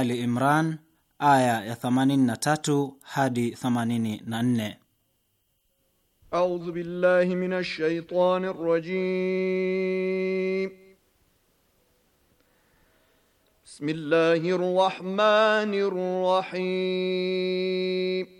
Ali Imran aya ya 83 hadi 84. A'udhu billahi minash shaitanir rajim. Bismillahir rahmanir rahim.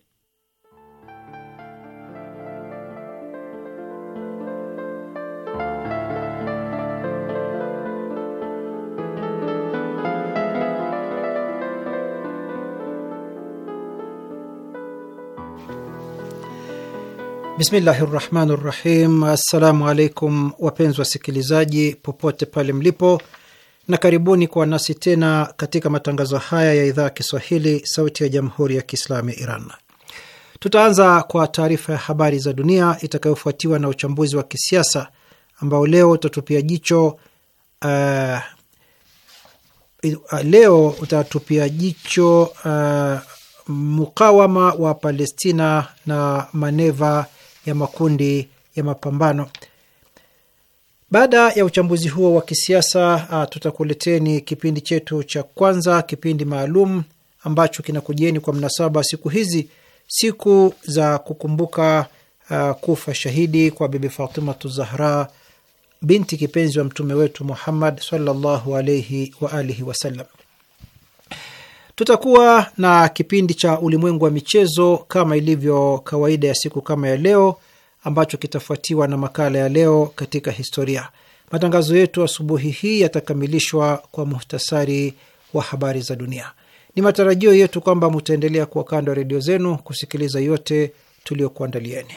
Bismillahi rahmani rahim. Assalamu alaikum wapenzi wasikilizaji popote pale mlipo, na karibuni kwa nasi tena katika matangazo haya ya idhaa ya Kiswahili sauti ya jamhuri ya Kiislamu ya Iran. Tutaanza kwa taarifa ya habari za dunia itakayofuatiwa na uchambuzi wa kisiasa ambao leo utatupia jicho uh, uh leo utatupia jicho uh, mukawama wa Palestina na maneva ya makundi ya mapambano. Baada ya uchambuzi huo wa kisiasa, ah, tutakuleteni kipindi chetu cha kwanza, kipindi maalum ambacho kinakujieni kwa mnasaba siku hizi, siku za kukumbuka uh, kufa shahidi kwa Bibi Fatimatu Zahra binti kipenzi wa mtume wetu Muhammad sallallahu alaihi waalihi wasallam. Tutakuwa na kipindi cha ulimwengu wa michezo kama ilivyo kawaida ya siku kama ya leo, ambacho kitafuatiwa na makala ya leo katika historia. Matangazo yetu asubuhi hii yatakamilishwa kwa muhtasari wa habari za dunia. Ni matarajio yetu kwamba mutaendelea kuwa kando ya redio zenu kusikiliza yote tuliokuandalieni.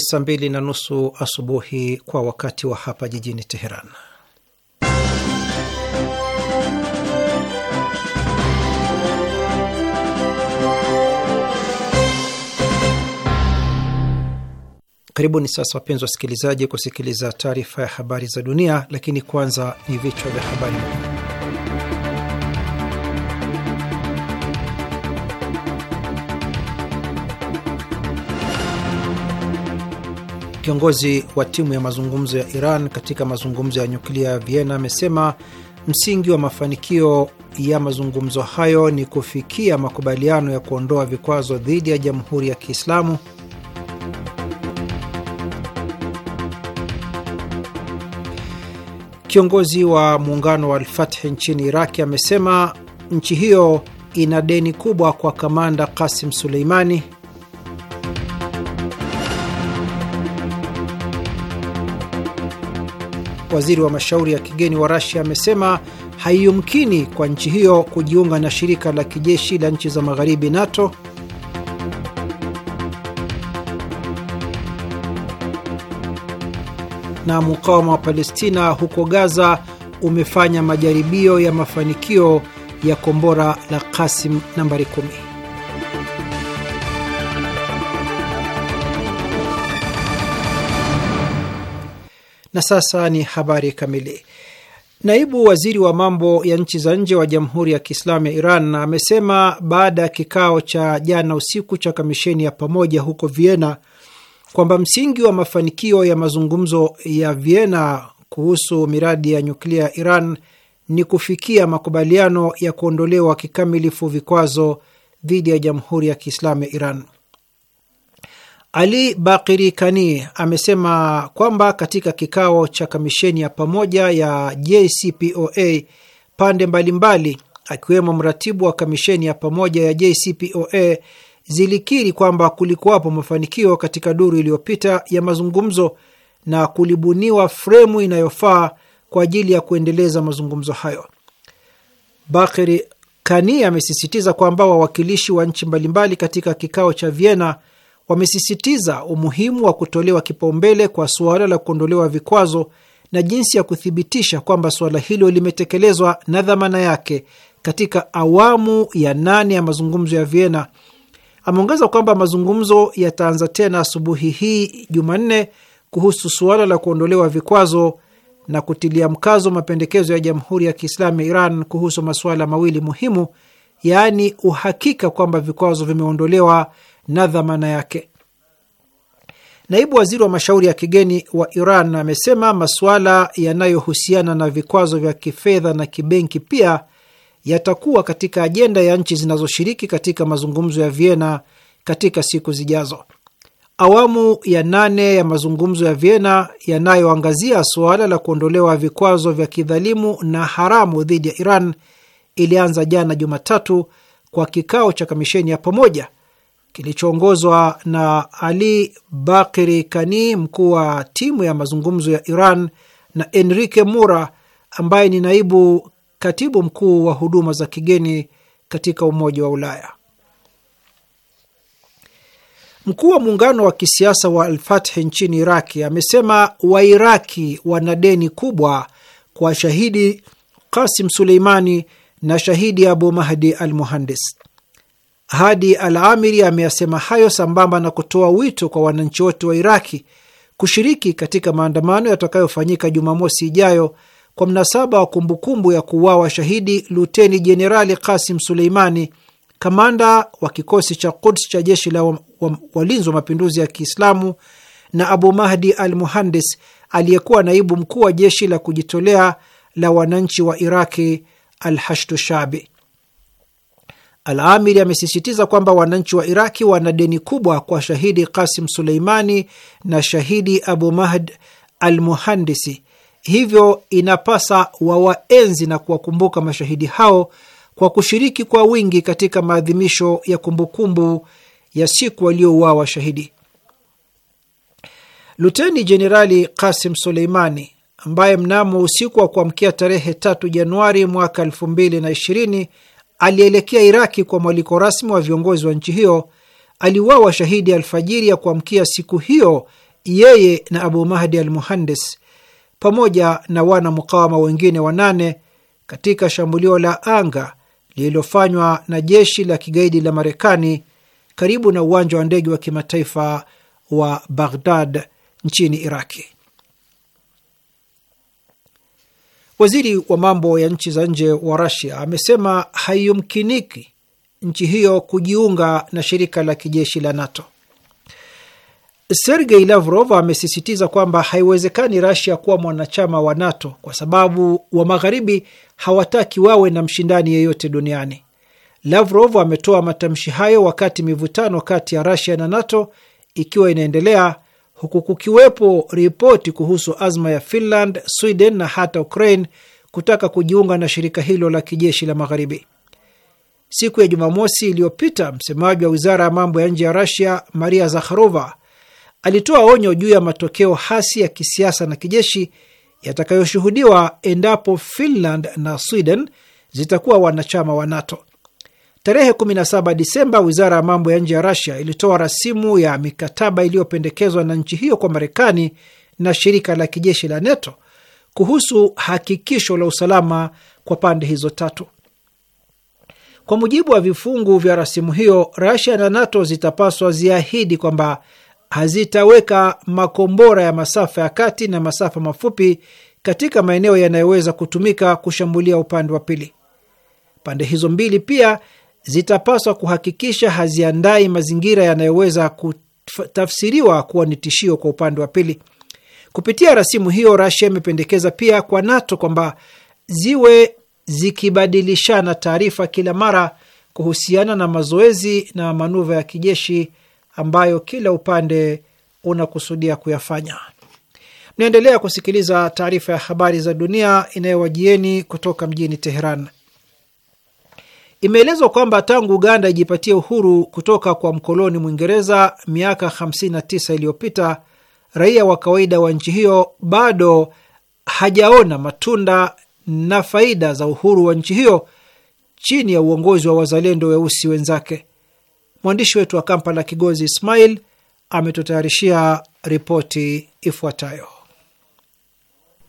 saa mbili na nusu asubuhi kwa wakati wa hapa jijini Teheran. Karibuni sasa, wapenzi wasikilizaji, kusikiliza taarifa ya habari za dunia, lakini kwanza ni vichwa vya habari. Kiongozi wa timu ya mazungumzo ya Iran katika mazungumzo ya nyuklia ya Vienna amesema msingi wa mafanikio ya mazungumzo hayo ni kufikia makubaliano ya kuondoa vikwazo dhidi ya Jamhuri ya Kiislamu. Kiongozi wa muungano wa Alfath nchini Iraki amesema nchi hiyo ina deni kubwa kwa kamanda kasim Suleimani. waziri wa mashauri ya kigeni wa Rasia amesema haiyumkini kwa nchi hiyo kujiunga na shirika la kijeshi la nchi za magharibi NATO. Na mukawama wa Palestina huko Gaza umefanya majaribio ya mafanikio ya kombora la Kasim nambari 10. Na sasa ni habari kamili. Naibu waziri wa mambo ya nchi za nje wa Jamhuri ya Kiislamu ya Iran amesema baada ya kikao cha jana usiku cha kamisheni ya pamoja huko Vienna kwamba msingi wa mafanikio ya mazungumzo ya Vienna kuhusu miradi ya nyuklia ya Iran ni kufikia makubaliano ya kuondolewa kikamilifu vikwazo dhidi ya Jamhuri ya Kiislamu ya Iran. Ali Bakiri Kani amesema kwamba katika kikao cha kamisheni ya pamoja ya JCPOA pande mbalimbali akiwemo mratibu wa kamisheni ya pamoja ya JCPOA zilikiri kwamba kulikuwapo mafanikio katika duru iliyopita ya mazungumzo na kulibuniwa fremu inayofaa kwa ajili ya kuendeleza mazungumzo hayo. Bakiri Kani amesisitiza kwamba wawakilishi wa nchi mbalimbali katika kikao cha Vienna wamesisitiza umuhimu wa kutolewa kipaumbele kwa suala la kuondolewa vikwazo na jinsi ya kuthibitisha kwamba suala hilo limetekelezwa na dhamana yake katika awamu ya nane ya mazungumzo ya Vienna. Ameongeza kwamba mazungumzo yataanza tena asubuhi hii Jumanne kuhusu suala la kuondolewa vikwazo na kutilia mkazo mapendekezo ya Jamhuri ya Kiislamu ya Iran kuhusu masuala mawili muhimu, yaani uhakika kwamba vikwazo vimeondolewa na dhamana yake. Naibu waziri wa mashauri ya kigeni wa Iran amesema masuala yanayohusiana na vikwazo vya kifedha na kibenki pia yatakuwa katika ajenda ya nchi zinazoshiriki katika mazungumzo ya Vienna katika siku zijazo. Awamu ya nane ya mazungumzo ya Vienna yanayoangazia suala la kuondolewa vikwazo vya kidhalimu na haramu dhidi ya Iran ilianza jana Jumatatu kwa kikao cha kamisheni ya pamoja kilichoongozwa na Ali Bakiri Kani, mkuu wa timu ya mazungumzo ya Iran, na Enrique Mura ambaye ni naibu katibu mkuu wa huduma za kigeni katika Umoja wa Ulaya. Mkuu wa muungano wa kisiasa wa Alfathi nchini Iraki amesema Wairaki wana deni kubwa kwa shahidi Kasim Suleimani na shahidi Abu Mahdi al Muhandis. Hadi Al-Amiri ameyasema hayo sambamba na kutoa wito kwa wananchi wote wa Iraki kushiriki katika maandamano yatakayofanyika Jumamosi ijayo kwa mnasaba wa kumbukumbu ya kuuawa shahidi Luteni Jenerali Kasim Suleimani, kamanda wa kikosi cha Quds cha jeshi la walinzi wa mapinduzi ya Kiislamu, na Abu Mahdi al Muhandis aliyekuwa naibu mkuu wa jeshi la kujitolea la wananchi wa Iraki al Hashdu Shabi alamiri amesisitiza kwamba wananchi wa Iraki wana deni kubwa kwa shahidi Kasim Suleimani na shahidi Abu Mahd al Muhandisi, hivyo inapasa wawaenzi na kuwakumbuka mashahidi hao kwa kushiriki kwa wingi katika maadhimisho ya kumbukumbu ya siku waliouawa shahidi. Luteni Jenerali Kasim Suleimani ambaye mnamo usiku wa kuamkia tarehe 3 Januari mwaka 2020 alielekea Iraki kwa mwaliko rasmi wa viongozi wa nchi hiyo, aliuawa shahidi alfajiri ya kuamkia siku hiyo, yeye na Abu Mahdi al Muhandes pamoja na wana mukawama wengine wanane katika shambulio la anga lililofanywa na jeshi la kigaidi la Marekani karibu na uwanja wa ndege wa kimataifa wa Baghdad nchini Iraki. Waziri wa mambo ya nchi za nje wa Rasia amesema haiyumkiniki nchi hiyo kujiunga na shirika la kijeshi la NATO. Sergei Lavrov amesisitiza kwamba haiwezekani Rasia kuwa mwanachama wa NATO kwa sababu wa Magharibi hawataki wawe na mshindani yeyote duniani. Lavrov ametoa matamshi hayo wakati mivutano kati ya Rasia na NATO ikiwa inaendelea huku kukiwepo ripoti kuhusu azma ya Finland, Sweden na hata Ukraine kutaka kujiunga na shirika hilo la kijeshi la Magharibi. Siku ya Jumamosi iliyopita, msemaji wa wizara ya mambo ya nje ya rasia Maria Zakharova, alitoa onyo juu ya matokeo hasi ya kisiasa na kijeshi yatakayoshuhudiwa endapo Finland na Sweden zitakuwa wanachama wa NATO. Tarehe 17 Disemba, wizara ya mambo ya nje ya Rasia ilitoa rasimu ya mikataba iliyopendekezwa na nchi hiyo kwa Marekani na shirika la kijeshi la NATO kuhusu hakikisho la usalama kwa pande hizo tatu. Kwa mujibu wa vifungu vya rasimu hiyo, Rasia na NATO zitapaswa ziahidi kwamba hazitaweka makombora ya masafa ya kati na masafa mafupi katika maeneo yanayoweza kutumika kushambulia upande wa pili. Pande hizo mbili pia zitapaswa kuhakikisha haziandai mazingira yanayoweza kutafsiriwa kuwa ni tishio kwa upande wa pili. Kupitia rasimu hiyo, rasia imependekeza pia kwa NATO kwamba ziwe zikibadilishana taarifa kila mara kuhusiana na mazoezi na manuva ya kijeshi ambayo kila upande unakusudia kuyafanya. Mnaendelea kusikiliza taarifa ya habari za dunia inayowajieni kutoka mjini Teheran. Imeelezwa kwamba tangu Uganda ijipatia uhuru kutoka kwa mkoloni Mwingereza miaka 59 iliyopita, raia wa kawaida wa nchi hiyo bado hajaona matunda na faida za uhuru wa nchi hiyo chini ya uongozi wa wazalendo weusi wenzake. Mwandishi wetu wa Kampala, Kigozi Ismail, ametutayarishia ripoti ifuatayo.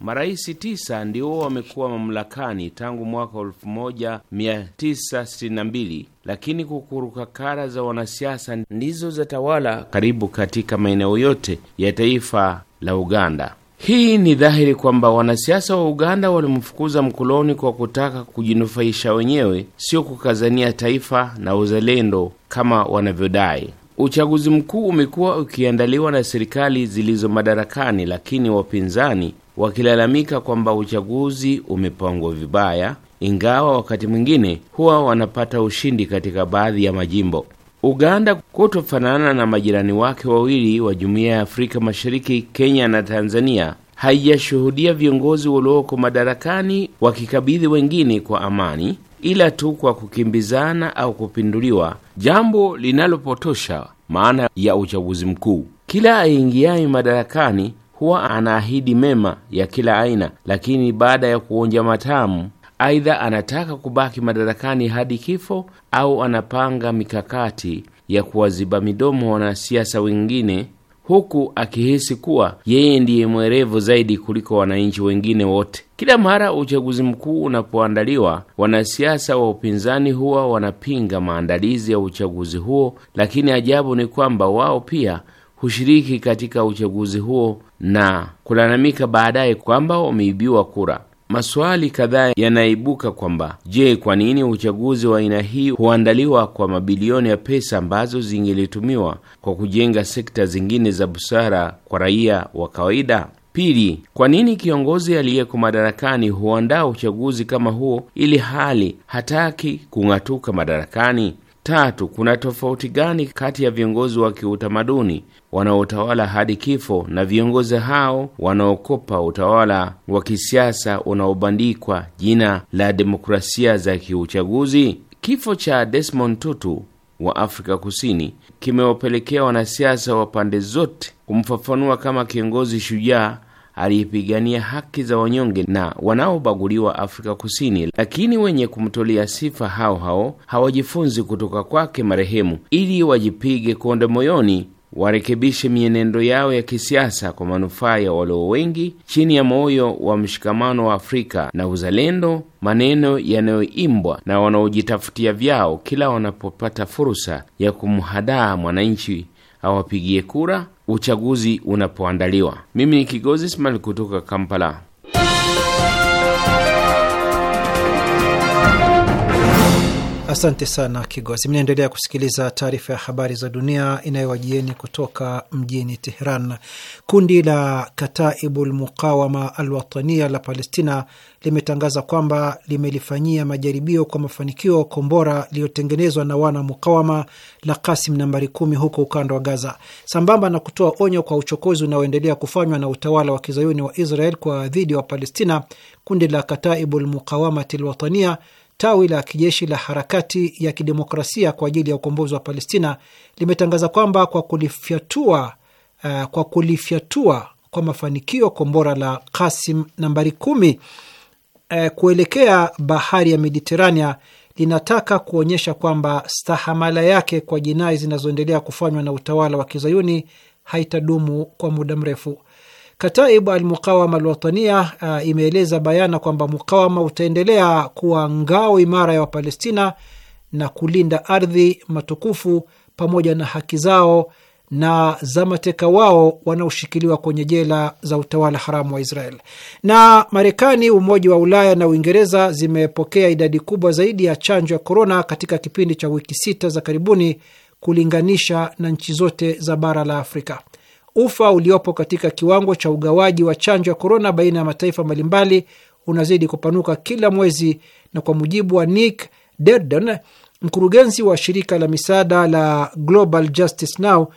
Marais tisa ndio wamekuwa mamlakani tangu mwaka 1962 lakini kukurukakara za wanasiasa ndizo za tawala karibu katika maeneo yote ya taifa la Uganda. Hii ni dhahiri kwamba wanasiasa wa Uganda walimfukuza mkoloni kwa kutaka kujinufaisha wenyewe, sio kukazania taifa na uzalendo kama wanavyodai. Uchaguzi mkuu umekuwa ukiandaliwa na serikali zilizo madarakani, lakini wapinzani wakilalamika kwamba uchaguzi umepangwa vibaya, ingawa wakati mwingine huwa wanapata ushindi katika baadhi ya majimbo. Uganda kutofanana na majirani wake wawili wa Jumuiya ya Afrika Mashariki, Kenya na Tanzania, haijashuhudia viongozi walioko madarakani wakikabidhi wengine kwa amani, ila tu kwa kukimbizana au kupinduliwa, jambo linalopotosha maana ya uchaguzi mkuu. Kila aingiaye madarakani huwa anaahidi mema ya kila aina, lakini baada ya kuonja matamu, aidha anataka kubaki madarakani hadi kifo au anapanga mikakati ya kuwaziba midomo wanasiasa wengine, huku akihisi kuwa yeye ndiye mwerevu zaidi kuliko wananchi wengine wote. Kila mara uchaguzi mkuu unapoandaliwa, wanasiasa wa upinzani huwa wanapinga maandalizi ya uchaguzi huo, lakini ajabu ni kwamba wao pia hushiriki katika uchaguzi huo na kulalamika baadaye kwamba wameibiwa kura. Maswali kadhaa yanaibuka kwamba je, kwa nini uchaguzi wa aina hii huandaliwa kwa mabilioni ya pesa ambazo zingelitumiwa kwa kujenga sekta zingine za busara kwa raia wa kawaida? Pili, kwa nini kiongozi aliyeko madarakani huandaa uchaguzi kama huo ili hali hataki kung'atuka madarakani? Tatu, kuna tofauti gani kati ya viongozi wa kiutamaduni wanaotawala hadi kifo na viongozi hao wanaokopa utawala wa kisiasa unaobandikwa jina la demokrasia za kiuchaguzi. Kifo cha Desmond Tutu wa Afrika Kusini kimewapelekea wanasiasa wa pande zote kumfafanua kama kiongozi shujaa aliyepigania haki za wanyonge na wanaobaguliwa Afrika Kusini, lakini wenye kumtolea sifa hao hao hawajifunzi kutoka kwake marehemu ili wajipige konde moyoni warekebishe mienendo yao ya kisiasa kwa manufaa ya walio wengi chini ya moyo wa mshikamano wa Afrika na uzalendo, maneno yanayoimbwa na wanaojitafutia vyao kila wanapopata fursa ya kumhadaa mwananchi awapigie kura uchaguzi unapoandaliwa. Mimi ni Kigozi Ismail kutoka Kampala. Asante sana Kigozi. Mnaendelea kusikiliza taarifa ya habari za dunia inayowajieni kutoka mjini Teheran. Kundi la Kataibul Muqawama Alwatania la Palestina limetangaza kwamba limelifanyia majaribio kwa mafanikio kombora liliyotengenezwa na wana mukawama la Kasim nambari kumi huko ukanda wa Gaza, sambamba na kutoa onyo kwa uchokozi unaoendelea kufanywa na utawala wa kizayuni wa Israel kwa dhidi wa Palestina. Kundi la Kataibul Muqawamati Alwatania Tawi la kijeshi la harakati ya kidemokrasia kwa ajili ya ukombozi wa Palestina limetangaza kwamba kwa kulifyatua uh, kwa kulifyatua kwa mafanikio kombora la Kasim nambari kumi uh, kuelekea bahari ya Mediterania linataka kuonyesha kwamba stahamala yake kwa jinai zinazoendelea kufanywa na utawala wa kizayuni haitadumu kwa muda mrefu. Kataib Almuqawama Alwatania uh, imeeleza bayana kwamba mukawama utaendelea kuwa ngao imara ya Wapalestina na kulinda ardhi matukufu pamoja na haki zao na za mateka wao wanaoshikiliwa kwenye jela za utawala haramu wa Israel. Na Marekani, Umoja wa Ulaya na Uingereza zimepokea idadi kubwa zaidi ya chanjo ya korona katika kipindi cha wiki sita za karibuni kulinganisha na nchi zote za bara la Afrika ufa uliopo katika kiwango cha ugawaji wa chanjo ya korona baina ya mataifa mbalimbali unazidi kupanuka kila mwezi, na kwa mujibu wa Nick Derden, mkurugenzi wa shirika la misaada la Global Justice Now,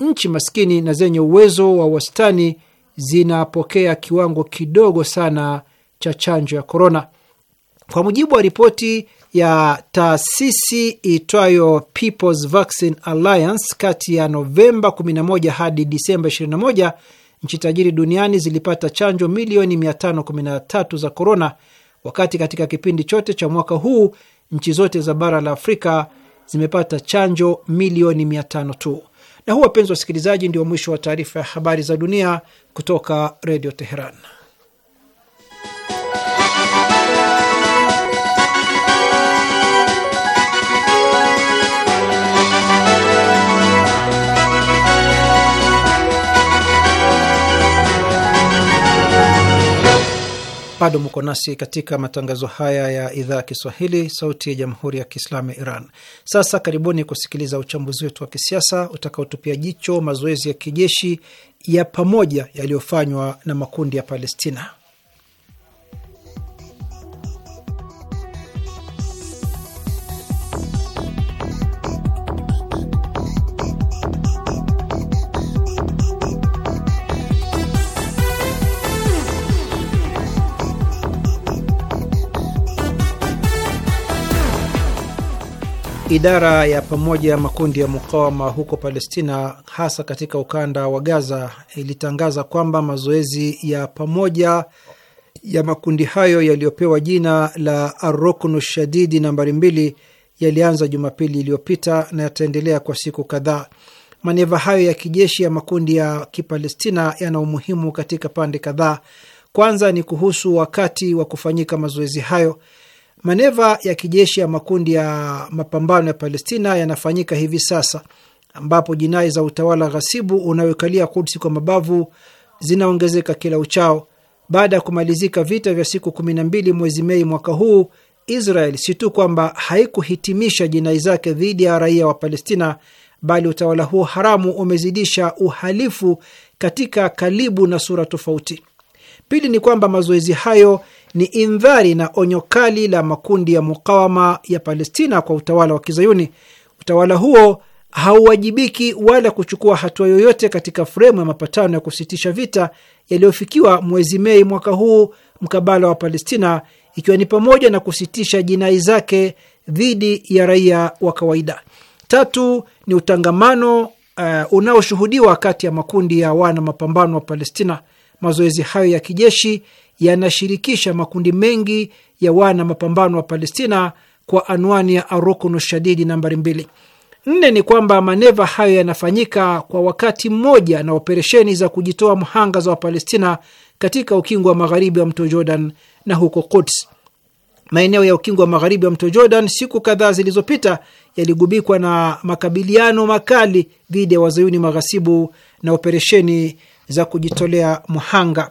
nchi maskini na zenye uwezo wa wastani zinapokea kiwango kidogo sana cha chanjo ya korona. Kwa mujibu wa ripoti ya taasisi itwayo People's Vaccine Alliance kati ya Novemba 11 hadi Disemba 21 nchi tajiri duniani zilipata chanjo milioni 513 za korona, wakati katika kipindi chote cha mwaka huu nchi zote za bara la Afrika zimepata chanjo milioni 500 tu. Na huu, wapenzi wasikilizaji, ndio mwisho wa taarifa ya habari za dunia kutoka Redio Teheran. Bado mko nasi katika matangazo haya ya idhaa ya Kiswahili, sauti ya jamhuri ya kiislamu ya Iran. Sasa karibuni kusikiliza uchambuzi wetu wa kisiasa utakaotupia jicho mazoezi ya kijeshi ya pamoja yaliyofanywa na makundi ya Palestina. Idara ya pamoja ya makundi ya mukawama huko Palestina, hasa katika ukanda wa Gaza, ilitangaza kwamba mazoezi ya pamoja ya makundi hayo yaliyopewa jina la Arruknu Shadidi nambari mbili yalianza Jumapili iliyopita na yataendelea kwa siku kadhaa. Maneva hayo ya kijeshi ya makundi ya Kipalestina yana umuhimu katika pande kadhaa. Kwanza ni kuhusu wakati wa kufanyika mazoezi hayo. Maneva ya kijeshi ya makundi ya mapambano ya Palestina yanafanyika hivi sasa, ambapo jinai za utawala ghasibu unayokalia Kudsi kwa mabavu zinaongezeka kila uchao. Baada ya kumalizika vita vya siku kumi na mbili mwezi Mei mwaka huu, Israel si tu kwamba haikuhitimisha jinai zake dhidi ya raia wa Palestina, bali utawala huo haramu umezidisha uhalifu katika kalibu na sura tofauti. Pili ni kwamba mazoezi hayo ni indhari na onyo kali la makundi ya mukawama ya Palestina kwa utawala wa Kizayuni. Utawala huo hauwajibiki wala kuchukua hatua yoyote katika fremu ya mapatano ya kusitisha vita yaliyofikiwa mwezi Mei mwaka huu mkabala wa Palestina, ikiwa ni pamoja na kusitisha jinai zake dhidi ya raia wa kawaida. Tatu ni utangamano uh, unaoshuhudiwa kati ya makundi ya wana mapambano wa Palestina. Mazoezi hayo ya kijeshi yanashirikisha makundi mengi ya wana mapambano wa Palestina kwa anwani ya arukunu shadidi nambari mbili. Nne ni kwamba maneva hayo yanafanyika kwa wakati mmoja na operesheni za kujitoa mhanga za Wapalestina katika ukingo wa magharibi wa mto Jordan na huko Quds. Maeneo ya ukingo wa magharibi wa mto Jordan siku kadhaa zilizopita yaligubikwa na makabiliano makali dhidi ya wazayuni maghasibu na operesheni za kujitolea mhanga.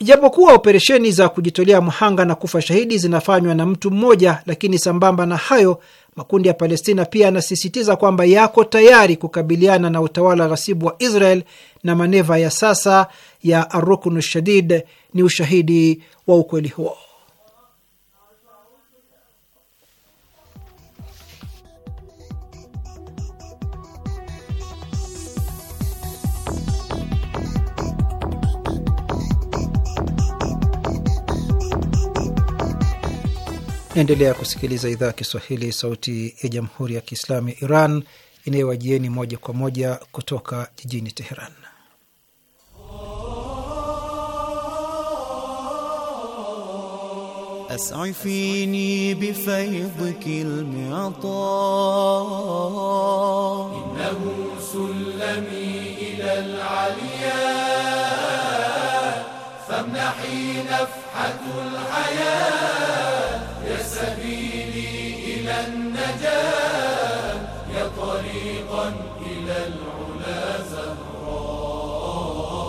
Ijapokuwa operesheni za kujitolea mhanga na kufa shahidi zinafanywa na mtu mmoja, lakini sambamba na hayo makundi ya Palestina pia yanasisitiza kwamba yako tayari kukabiliana na utawala ghasibu wa Israel na maneva ya sasa ya aruknu shadid ni ushahidi wa ukweli huo. Naendelea kusikiliza idhaa ya Kiswahili, sauti ya jamhuri ya kiislamu ya Iran inayowajieni moja kwa moja kutoka jijini Teheran. innahu sulami ila famnahi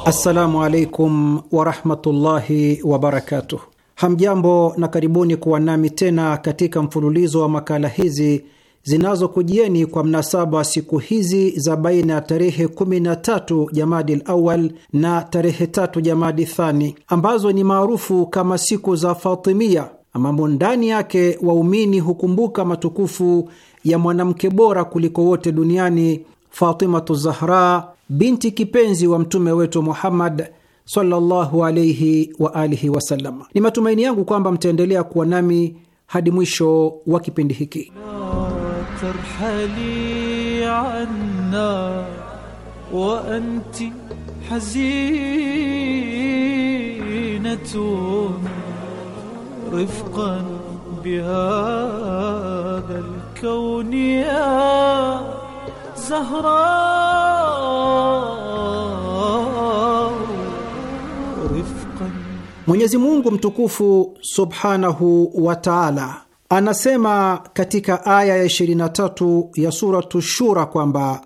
Assalamu alaikum warahmatullahi wabarakatuh. Hamjambo na karibuni kuwa nami tena katika mfululizo wa makala hizi zinazokujieni kwa mnasaba wa siku hizi za baina ya tarehe 13 Jamadi Lawal na tarehe tatu Jamadi Thani ambazo ni maarufu kama siku za Fatimia ambamo ndani yake waumini hukumbuka matukufu ya mwanamke bora kuliko wote duniani Fatimatu Zahra, binti kipenzi wa mtume wetu Muhammad sallallahu wa alihi wasallam. Ni matumaini yangu kwamba mtaendelea kuwa nami hadi mwisho wa kipindi hiki. رفقا بهذا الكون يا زهراء Mwenyezi Mungu mtukufu Subhanahu wa Ta'ala anasema katika aya ya 23 ya suratu Shura kwamba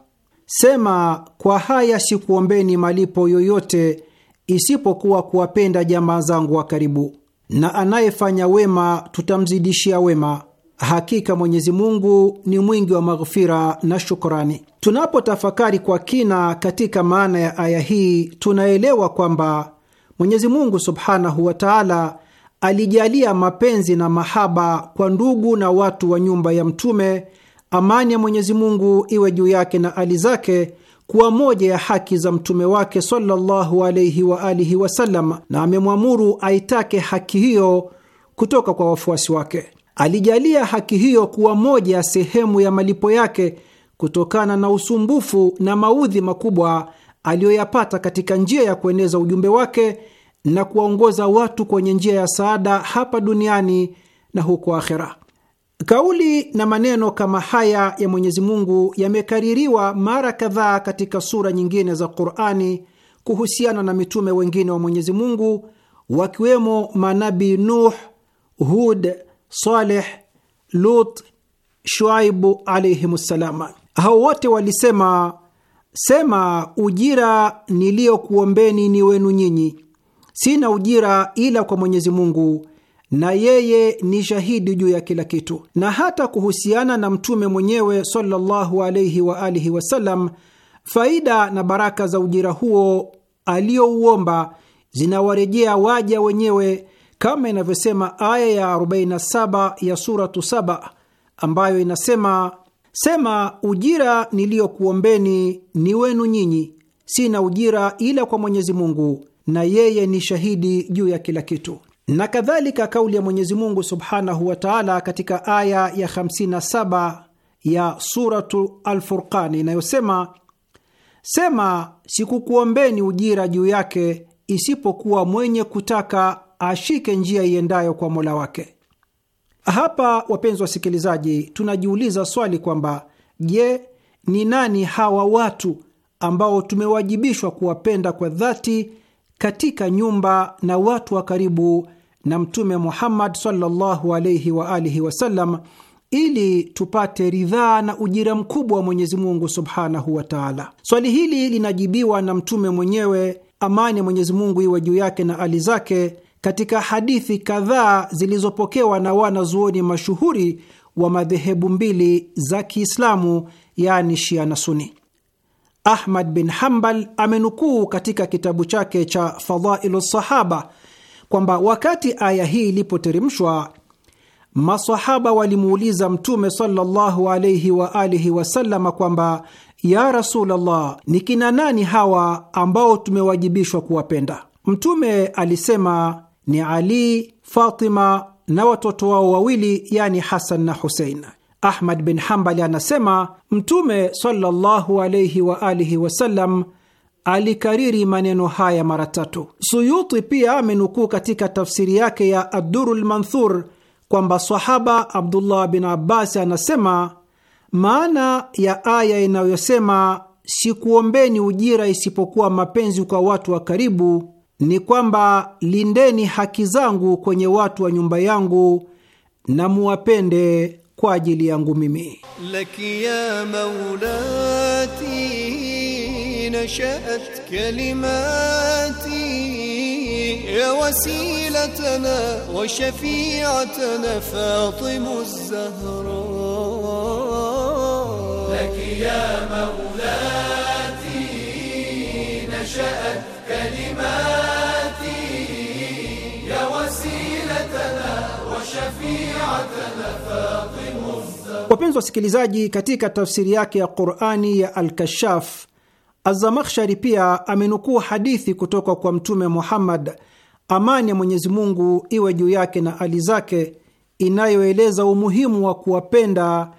sema, kwa haya sikuombeni malipo yoyote isipokuwa kuwapenda jamaa zangu wa karibu na anayefanya wema tutamzidishia wema. Hakika Mwenyezi Mungu ni mwingi wa maghfira na shukrani. Tunapotafakari kwa kina katika maana ya aya hii, tunaelewa kwamba Mwenyezi Mungu subhanahu wa taala alijalia mapenzi na mahaba kwa ndugu na watu wa nyumba ya Mtume, amani ya Mwenyezi Mungu iwe juu yake na ali zake kuwa moja ya haki za mtume wake sallallahu alaihi wa alihi wasallam, na amemwamuru aitake haki hiyo kutoka kwa wafuasi wake. Alijalia haki hiyo kuwa moja ya sehemu ya malipo yake kutokana na usumbufu na maudhi makubwa aliyoyapata katika njia ya kueneza ujumbe wake na kuwaongoza watu kwenye njia ya saada hapa duniani na huko akhera. Kauli na maneno kama haya ya Mwenyezi Mungu yamekaririwa mara kadhaa katika sura nyingine za Qur'ani kuhusiana na mitume wengine wa Mwenyezi Mungu wakiwemo manabii Nuh, Hud, Saleh, Lut, Shuaibu alayhimus Hao wote walisema, sema ujira niliyokuombeni ni wenu nyinyi, sina ujira ila kwa Mwenyezi Mungu na yeye ni shahidi juu ya kila kitu. Na hata kuhusiana na mtume mwenyewe sallallahu alaihi wa alihi wasallam, faida na baraka za ujira huo aliouomba zinawarejea waja wenyewe kama inavyosema aya ya 47 ya Suratu Saba ambayo inasema: Sema, ujira niliyokuombeni ni wenu nyinyi, sina ujira ila kwa Mwenyezi Mungu, na yeye ni shahidi juu ya kila kitu na kadhalika kauli ya Mwenyezi Mungu subhanahu wa taala katika aya ya 57 ya Suratu Alfurqani inayosema, sema sikukuombeni ujira juu yake isipokuwa mwenye kutaka ashike njia iendayo kwa mola wake. Hapa wapenzi wasikilizaji, tunajiuliza swali kwamba je, ni nani hawa watu ambao tumewajibishwa kuwapenda kwa dhati katika nyumba na watu wa karibu na Mtume Muhammad sallallahu wa alihi wasallam ili tupate ridhaa na ujira mkubwa wa Mwenyezi Mungu subhanahu wa taala. Swali hili linajibiwa na mtume mwenyewe, amani ya Mwenyezi Mungu iwe juu yake na ali zake, katika hadithi kadhaa zilizopokewa na wanazuoni mashuhuri wa madhehebu mbili za Kiislamu, yani Shia na Suni. Ahmad bin Hambal amenukuu katika kitabu chake cha Fadhailu Sahaba kwamba wakati aya hii ilipoteremshwa masahaba walimuuliza Mtume sallallahu alaihi kwamba ya Rasulullah, ni kina nani hawa ambao tumewajibishwa kuwapenda? Mtume alisema ni Ali, Fatima na watoto wao wawili, yani Hasan na Husein. Ahmad bin Hambali anasema Mtume sallallahu alaihi waalihi wasallam alikariri maneno haya mara tatu. Suyuti pia amenukuu katika tafsiri yake ya Addurul Manthur kwamba sahaba Abdullah bin Abbas anasema maana ya aya inayosema sikuombeni ujira isipokuwa mapenzi kwa watu wa karibu ni kwamba lindeni haki zangu kwenye watu wa nyumba yangu na muwapende kwa ajili yangu mimi. Laki ya maulati نشأت كلماتي يا وسيلتنا وشفيعتنا فاطم الزهراء لك يا مولاتي نشأت كلماتي يا وسيلتنا وشفيعتنا فاطم الزهراء Wapenzi wasikilizaji, katika tafsiri yake ya Qur'ani Azamakhshari pia amenukuu hadithi kutoka kwa Mtume Muhammad, amani ya Mwenyezi Mungu iwe juu yake na ali zake, inayoeleza umuhimu wa kuwapenda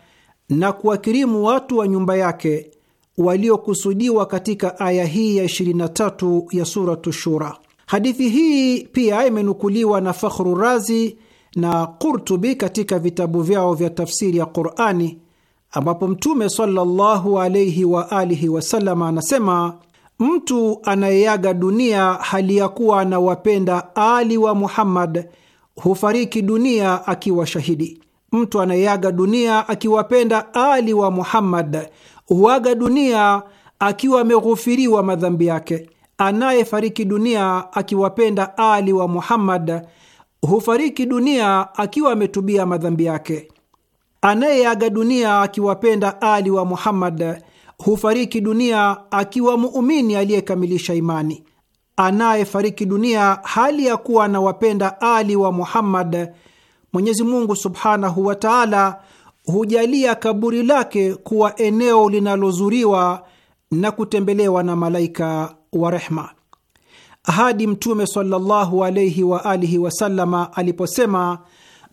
na kuwakirimu watu wa nyumba yake waliokusudiwa katika aya hii ya 23 ya Suratu Shura. Hadithi hii pia imenukuliwa na Fakhru Razi na Kurtubi katika vitabu vyao vya tafsiri ya Qurani ambapo Mtume sallallahu alaihi wa alihi anasema mtu anayeaga dunia hali ya kuwa anawapenda Ali wa Muhammad hufariki dunia akiwa shahidi. Mtu anayeaga dunia akiwapenda Ali wa Muhammad huaga dunia akiwa ameghufiriwa madhambi yake. Anayefariki dunia akiwapenda Ali wa Muhammad hufariki dunia akiwa ametubia madhambi yake. Anayeaga dunia akiwapenda Ali wa Muhammad hufariki dunia akiwa muumini aliyekamilisha imani. Anayefariki dunia hali ya kuwa anawapenda Ali wa Muhammad, Mwenyezi Mungu subhanahu wa taala hujalia kaburi lake kuwa eneo linalozuriwa na kutembelewa na malaika wa rehma, hadi Mtume sallallahu alaihi waalihi wasalama aliposema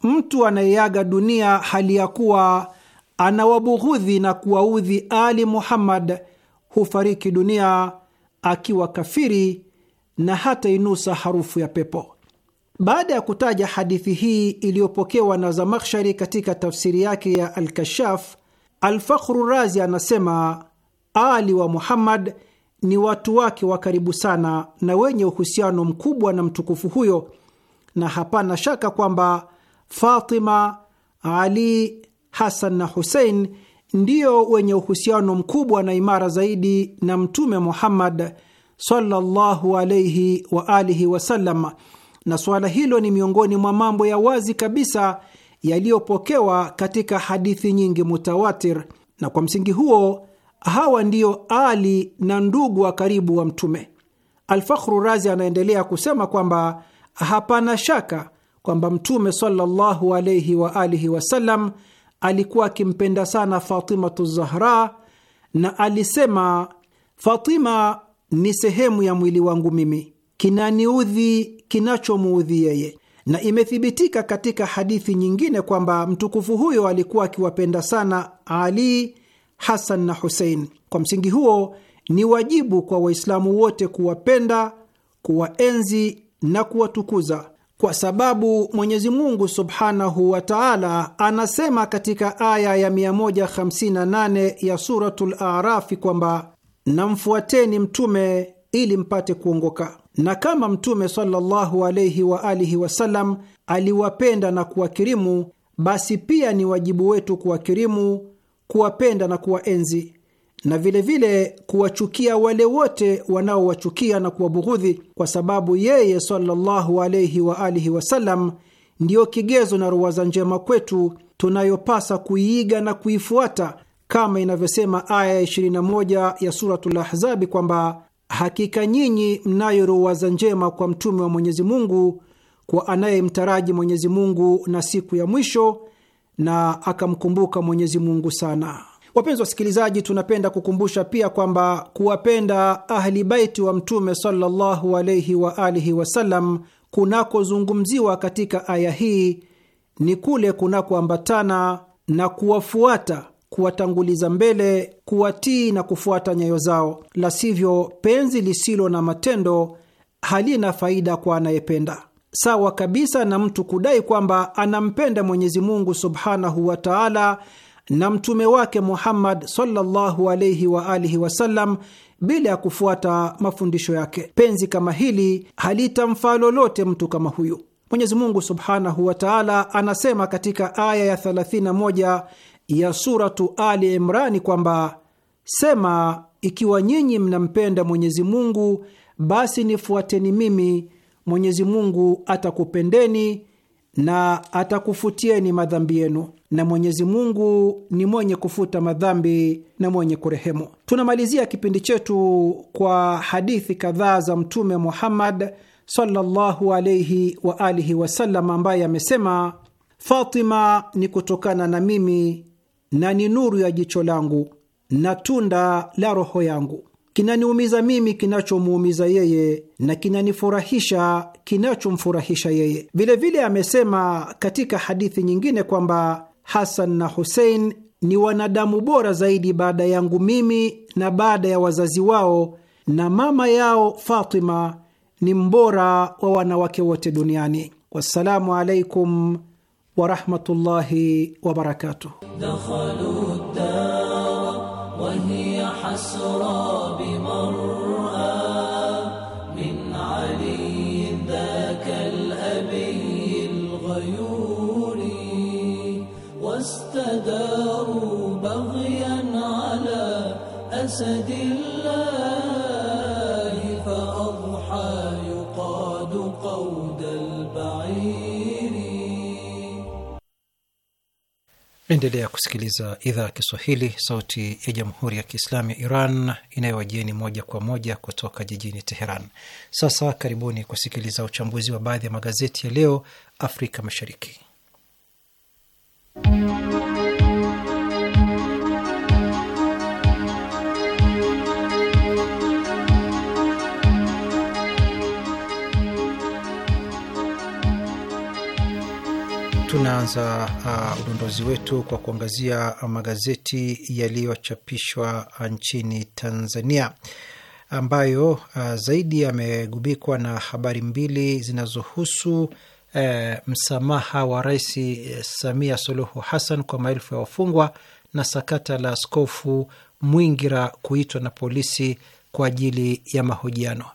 mtu anayeaga dunia hali ya kuwa anawabughudhi na kuwaudhi Ali Muhammad hufariki dunia akiwa kafiri na hata inusa harufu ya pepo. Baada ya kutaja hadithi hii iliyopokewa na Zamakhshari katika tafsiri yake ya Alkashaf, Alfakhru Razi anasema Ali wa Muhammad ni watu wake wa karibu sana na wenye uhusiano mkubwa na mtukufu huyo, na hapana shaka kwamba Fatima, Ali, Hasan na Husein ndio wenye uhusiano mkubwa na imara zaidi na Mtume Muhammad sallallahu alaihi wa alihi wasallam, na suala hilo ni miongoni mwa mambo ya wazi kabisa yaliyopokewa katika hadithi nyingi mutawatir, na kwa msingi huo hawa ndiyo ali na ndugu wa karibu wa Mtume. Alfakhru Razi anaendelea kusema kwamba hapana shaka kwamba Mtume sallallahu alaihi wa alihi wasallam alikuwa akimpenda sana Fatimatu Zahra na alisema, Fatima ni sehemu ya mwili wangu mimi, kinaniudhi kinachomuudhi yeye. Na imethibitika katika hadithi nyingine kwamba mtukufu huyo alikuwa akiwapenda sana Ali, Hasan na Husein. Kwa msingi huo, ni wajibu kwa Waislamu wote kuwapenda, kuwaenzi na kuwatukuza kwa sababu Mwenyezi Mungu subhanahu wa taala anasema katika aya ya 158 ya Suratul Arafi kwamba namfuateni mtume ili mpate kuongoka. Na kama Mtume sallallahu alaihi wa alihi wasallam aliwapenda na kuwakirimu, basi pia ni wajibu wetu kuwakirimu, kuwapenda na kuwaenzi na vilevile kuwachukia wale wote wanaowachukia na kuwabughudhi, kwa sababu yeye sallallahu alayhi wa alihi wasallam ndiyo kigezo na ruwaza njema kwetu tunayopasa kuiiga na kuifuata, kama inavyosema aya 21 ya Suratul Ahzabi kwamba hakika nyinyi mnayo ruwaza njema kwa mtume wa Mwenyezi Mungu kwa anayemtaraji Mwenyezi Mungu na siku ya mwisho na akamkumbuka Mwenyezi Mungu sana. Wapenzi wasikilizaji, tunapenda kukumbusha pia kwamba kuwapenda Ahli Baiti wa Mtume sallallahu alaihi wa alihi wasallam kunakozungumziwa katika aya hii ni kule kunakoambatana na kuwafuata, kuwatanguliza mbele, kuwatii na kufuata nyayo zao. La sivyo, penzi lisilo na matendo halina faida kwa anayependa, sawa kabisa na mtu kudai kwamba anampenda Mwenyezi Mungu subhanahu wa taala na mtume wake Muhammad sallallahu alaihi wa alihi wasallam bila ya kufuata mafundisho yake. Penzi kama hili halitamfaa lolote mtu kama huyu. Mwenyezi Mungu subhanahu wa taala anasema katika aya ya 31 ya Suratu Ali Imrani kwamba sema, ikiwa nyinyi mnampenda Mwenyezi Mungu basi nifuateni mimi, Mwenyezi Mungu atakupendeni na atakufutieni madhambi yenu, na Mwenyezi Mungu ni mwenye kufuta madhambi na mwenye kurehemu. Tunamalizia kipindi chetu kwa hadithi kadhaa za Mtume Muhammad sallallahu wa alihi wasallam, ambaye amesema, Fatima ni kutokana na mimi na ni nuru ya jicho langu na tunda la roho yangu kinaniumiza mimi kinachomuumiza yeye na kinanifurahisha kinachomfurahisha yeye. Vilevile amesema katika hadithi nyingine kwamba Hasan na Husein ni wanadamu bora zaidi baada yangu mimi na baada ya wazazi wao, na mama yao Fatima ni mbora wa wanawake wote duniani. Wassalamu alaikum warahmatullahi wabarakatuh. أسد Naendelea kusikiliza idhaa ya Kiswahili, sauti ya jamhuri ya kiislamu ya Iran inayowajieni moja kwa moja kutoka jijini Teheran. Sasa karibuni kusikiliza uchambuzi wa baadhi ya magazeti ya leo Afrika Mashariki. Tunaanza uh, udondozi wetu kwa kuangazia magazeti yaliyochapishwa uh, nchini Tanzania ambayo uh, zaidi yamegubikwa na habari mbili zinazohusu uh, msamaha wa Rais uh, Samia Suluhu Hassan kwa maelfu ya wafungwa na sakata la Askofu Mwingira kuitwa na polisi kwa ajili ya mahojiano.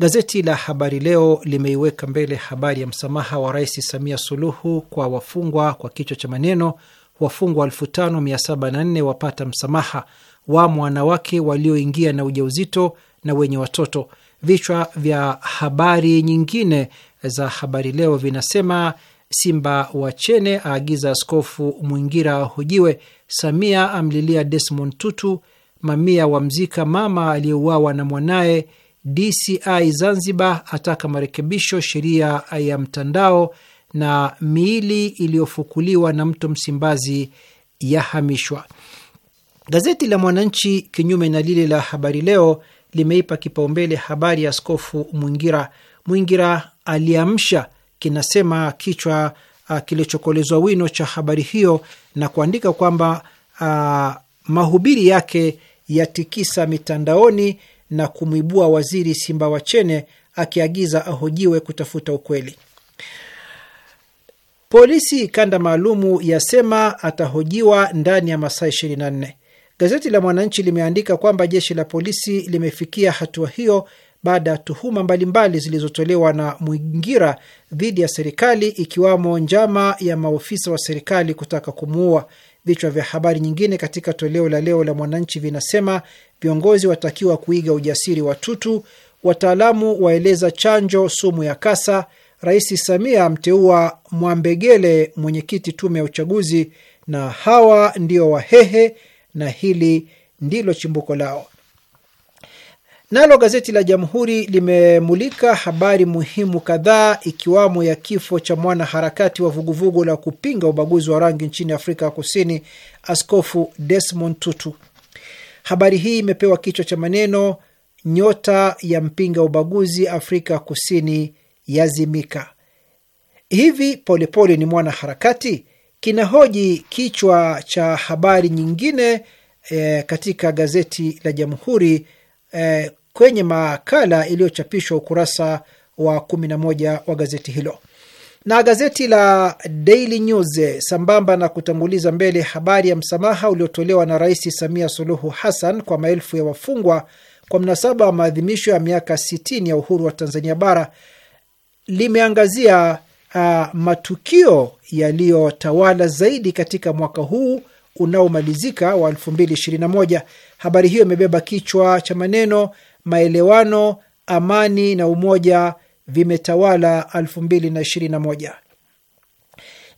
Gazeti la Habari Leo limeiweka mbele habari ya msamaha wa Rais Samia Suluhu kwa wafungwa kwa kichwa cha maneno, wafungwa 5704 wapata msamaha, wamo wanawake walioingia na ujauzito na wenye watoto. Vichwa vya habari nyingine za Habari Leo vinasema Simba wa Chene aagiza Askofu Mwingira ahojiwe, Samia amlilia Desmond Tutu, mamia wamzika mama aliyeuawa na mwanaye DCI Zanzibar ataka marekebisho sheria ya mtandao na miili iliyofukuliwa na mto Msimbazi yahamishwa. Gazeti la Mwananchi, kinyume na lile la Habari Leo, limeipa kipaumbele habari ya Askofu Mwingira. Mwingira aliamsha, kinasema kichwa ah, kilichokolezwa wino cha habari hiyo, na kuandika kwamba uh, mahubiri yake yatikisa mitandaoni na kumwibua waziri Simbawachene akiagiza ahojiwe kutafuta ukweli. Polisi kanda maalumu yasema atahojiwa ndani ya masaa 24. Gazeti la Mwananchi limeandika kwamba jeshi la polisi limefikia hatua hiyo baada ya tuhuma mbalimbali zilizotolewa na Mwingira dhidi ya serikali ikiwamo njama ya maofisa wa serikali kutaka kumuua. Vichwa vya habari nyingine katika toleo la leo la Mwananchi vinasema viongozi watakiwa kuiga ujasiri wa Tutu, wataalamu waeleza chanjo sumu ya kasa, Rais Samia amteua Mwambegele mwenyekiti tume ya uchaguzi, na hawa ndio Wahehe na hili ndilo chimbuko lao. Nalo gazeti la Jamhuri limemulika habari muhimu kadhaa ikiwamo ya kifo cha mwanaharakati wa vuguvugu la kupinga ubaguzi wa rangi nchini Afrika Kusini, Askofu Desmond Tutu. Habari hii imepewa kichwa cha maneno nyota ya mpinga ubaguzi Afrika Kusini yazimika. Hivi Polepole ni mwanaharakati? Kinahoji kichwa cha habari nyingine eh, katika gazeti la Jamhuri eh, kwenye makala iliyochapishwa ukurasa wa 11 wa gazeti hilo. Na gazeti la Daily News sambamba na kutanguliza mbele habari ya msamaha uliotolewa na Rais Samia Suluhu Hassan kwa maelfu ya wafungwa kwa mnasaba wa maadhimisho ya miaka 60 ya uhuru wa Tanzania bara limeangazia uh, matukio yaliyotawala zaidi katika mwaka huu unaomalizika wa 2021. Habari hiyo imebeba kichwa cha maneno maelewano, amani na umoja vimetawala 2021.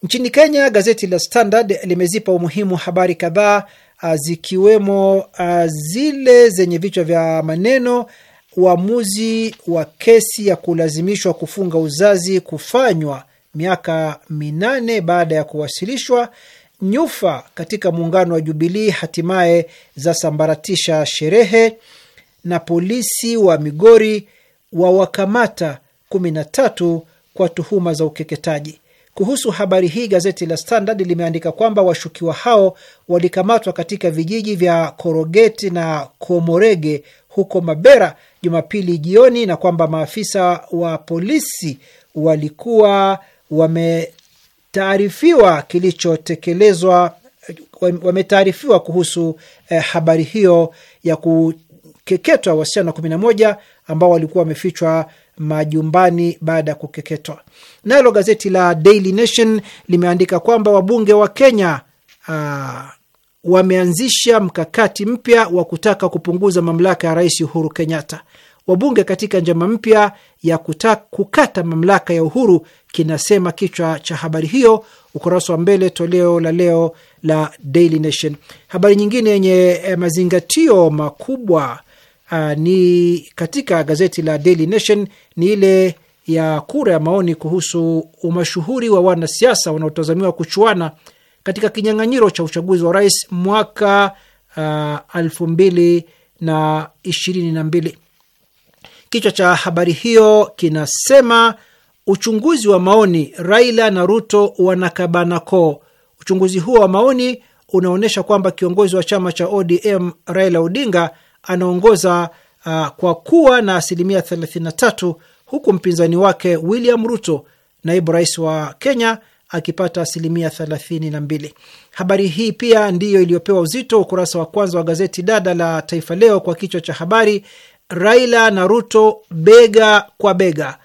Nchini Kenya, gazeti la Standard limezipa umuhimu habari kadhaa ah, zikiwemo ah, zile zenye vichwa vya maneno uamuzi wa kesi ya kulazimishwa kufunga uzazi kufanywa miaka minane baada ya kuwasilishwa. Nyufa katika muungano wa Jubilii hatimaye za sambaratisha sherehe na polisi wa Migori wawakamata 13 kwa tuhuma za ukeketaji. Kuhusu habari hii, gazeti la Standard limeandika kwamba washukiwa hao walikamatwa katika vijiji vya Korogeti na Komorege huko Mabera Jumapili jioni na kwamba maafisa wa polisi walikuwa wametaarifiwa kilichotekelezwa wametaarifiwa kuhusu eh, habari hiyo ya ku kukeketwa wasichana 11 ambao walikuwa wamefichwa majumbani baada ya kukeketwa. Nalo gazeti la Daily Nation limeandika kwamba wabunge wa Kenya aa, ah, wameanzisha mkakati mpya wa kutaka kupunguza mamlaka ya Rais Uhuru Kenyatta. Wabunge katika njama mpya ya kutaka kukata mamlaka ya Uhuru, kinasema kichwa cha habari hiyo, ukurasa wa mbele toleo la leo la Daily Nation. Habari nyingine yenye eh, mazingatio makubwa uh, ni katika gazeti la Daily Nation ni ile ya kura ya maoni kuhusu umashuhuri wa wanasiasa wanaotazamiwa kuchuana katika kinyang'anyiro cha uchaguzi wa rais mwaka uh, elfu mbili na ishirini na mbili. Kichwa cha habari hiyo kinasema uchunguzi wa maoni Raila na Ruto wanakabana koo. Uchunguzi huo wa maoni unaonyesha kwamba kiongozi wa chama cha ODM Raila Odinga anaongoza uh, kwa kuwa na asilimia 33 huku mpinzani wake William Ruto, naibu rais wa Kenya, akipata asilimia 32. Habari hii pia ndiyo iliyopewa uzito ukurasa wa kwanza wa gazeti dada la Taifa Leo kwa kichwa cha habari, Raila na Ruto bega kwa bega,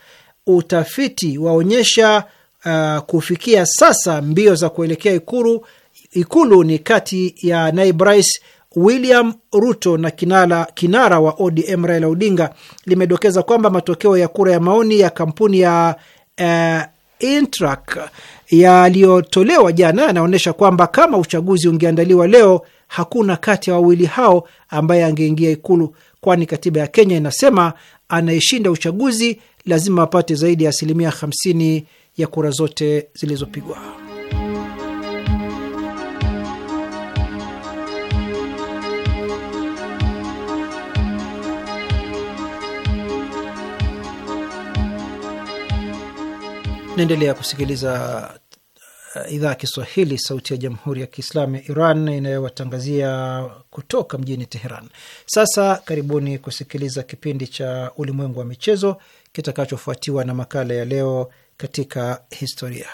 utafiti waonyesha uh, kufikia sasa mbio za kuelekea ikulu ikulu ni kati ya naibu rais William Ruto na kinara, kinara wa ODM Raila Odinga limedokeza kwamba matokeo ya kura ya maoni ya kampuni ya uh, Intrak yaliyotolewa jana yanaonyesha kwamba kama uchaguzi ungeandaliwa leo, hakuna kati ya wawili hao ambaye angeingia Ikulu, kwani katiba ya Kenya inasema anayeshinda uchaguzi lazima apate zaidi ya asilimia 50 ya kura zote zilizopigwa. Naendelea kusikiliza uh, idhaa ya Kiswahili, sauti ya jamhuri ya kiislamu ya Iran inayowatangazia kutoka mjini Teheran. Sasa karibuni kusikiliza kipindi cha Ulimwengu wa Michezo kitakachofuatiwa na makala ya Leo katika Historia.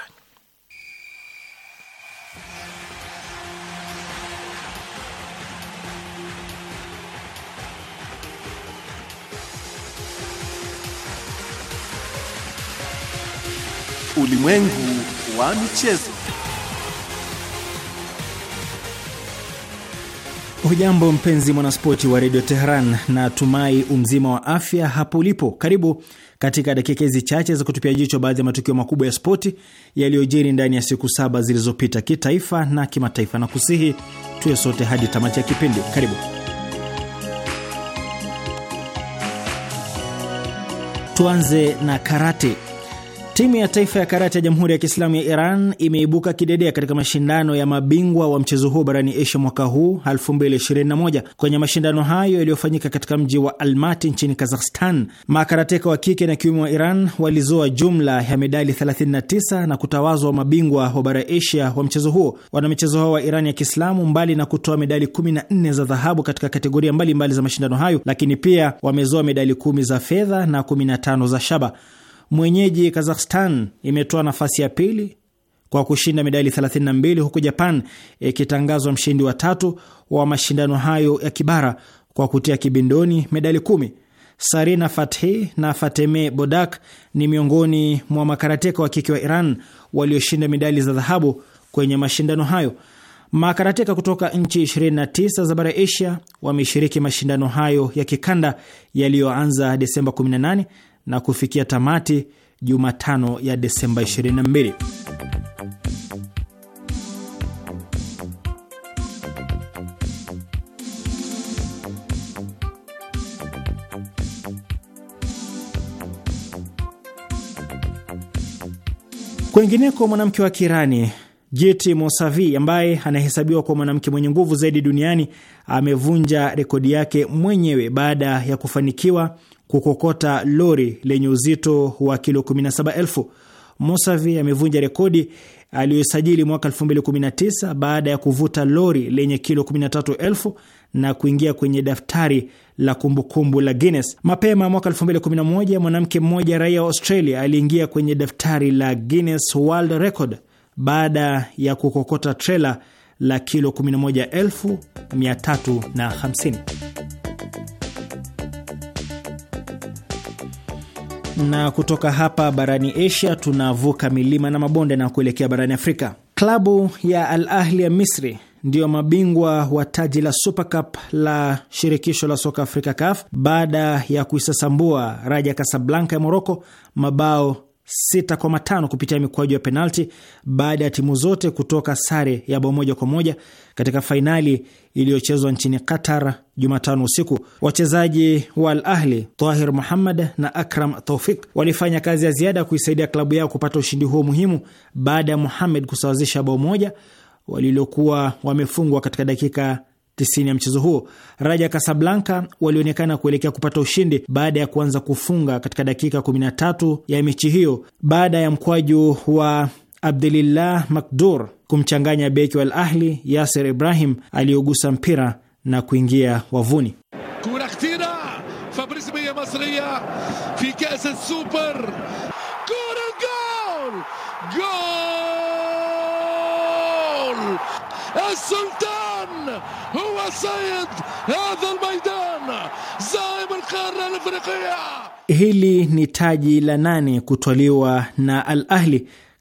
Ulimwengu wa michezo. Hujambo mpenzi mwanaspoti wa redio Teheran na tumai umzima wa afya hapo ulipo. Karibu katika dakika hizi chache za kutupia jicho baadhi ya matukio makubwa ya spoti yaliyojiri ndani ya siku saba zilizopita kitaifa na kimataifa, na kusihi tuwe sote hadi tamati ya kipindi. Karibu. Tuanze na karate. Timu ya taifa ya karate ya Jamhuri ya Kiislamu ya Iran imeibuka kidedea katika mashindano ya mabingwa wa mchezo huo barani Asia mwaka huu 2021. Kwenye mashindano hayo yaliyofanyika katika mji wa Almati nchini Kazakhstan, makarateka wa kike na kiume wa Iran walizoa jumla ya medali 39 na kutawazwa mabingwa wa bara Asia wa mchezo huo. Wanamichezo hao wa Iran ya Kiislamu, mbali na kutoa medali 14 za dhahabu katika kategoria mbalimbali mbali za mashindano hayo, lakini pia wamezoa medali 1 za fedha na 15 za shaba mwenyeji Kazakhstan imetoa nafasi ya pili kwa kushinda medali 32 huku Japan ikitangazwa mshindi wa tatu wa mashindano hayo ya kibara kwa kutia kibindoni medali kumi. Sarina Fathi na Fateme Bodak ni miongoni mwa makarateka wa kike wa Iran walioshinda medali za dhahabu kwenye mashindano hayo. Makarateka kutoka nchi 29 za bara Asia wameshiriki mashindano hayo ya kikanda yaliyoanza Desemba 18 na kufikia tamati Jumatano ya Desemba 22. Kwengineko, mwanamke wa Kirani Jiti Mosavi ambaye anahesabiwa kwa mwanamke mwenye nguvu zaidi duniani amevunja rekodi yake mwenyewe baada ya kufanikiwa kukokota lori lenye uzito wa kilo 17,000. Musavi amevunja rekodi aliyosajili mwaka 2019 baada ya kuvuta lori lenye kilo 13,000 na kuingia kwenye daftari la kumbukumbu la Guinness. Mapema mwaka 2011, mwanamke mmoja raia wa Australia aliingia kwenye daftari la Guinness World Record baada ya kukokota trela la kilo 11,350. Na kutoka hapa barani Asia tunavuka milima na mabonde na kuelekea barani Afrika. Klabu ya Al Ahli ya Misri ndiyo mabingwa wa taji la Super Cup la shirikisho la soka Afrika, CAF, baada ya kuisasambua Raja Kasablanka ya Moroko mabao sita kwa matano kupitia mikwaju ya penalti baada ya timu zote kutoka sare ya bao moja kwa moja katika fainali iliyochezwa nchini Qatar Jumatano usiku. Wachezaji wa Al Ahli Tahir Muhammad na Akram Taufik walifanya kazi ya ziada kuisaidia klabu yao kupata ushindi huo muhimu baada ya Muhamed kusawazisha bao moja walilokuwa wamefungwa katika dakika 90 ya mchezo huo. Raja Kasablanka walionekana kuelekea kupata ushindi baada ya kuanza kufunga katika dakika 13 ya mechi hiyo baada ya mkwaju wa Abdulillah Makdur kumchanganya beki wa Al Ahli Ibrahim aliyogusa mpira na kuingia wavuni. Goal! هو سيد هذا الميدان زعيم القارة الإفريقية. Hili ni taji la nane kutwaliwa na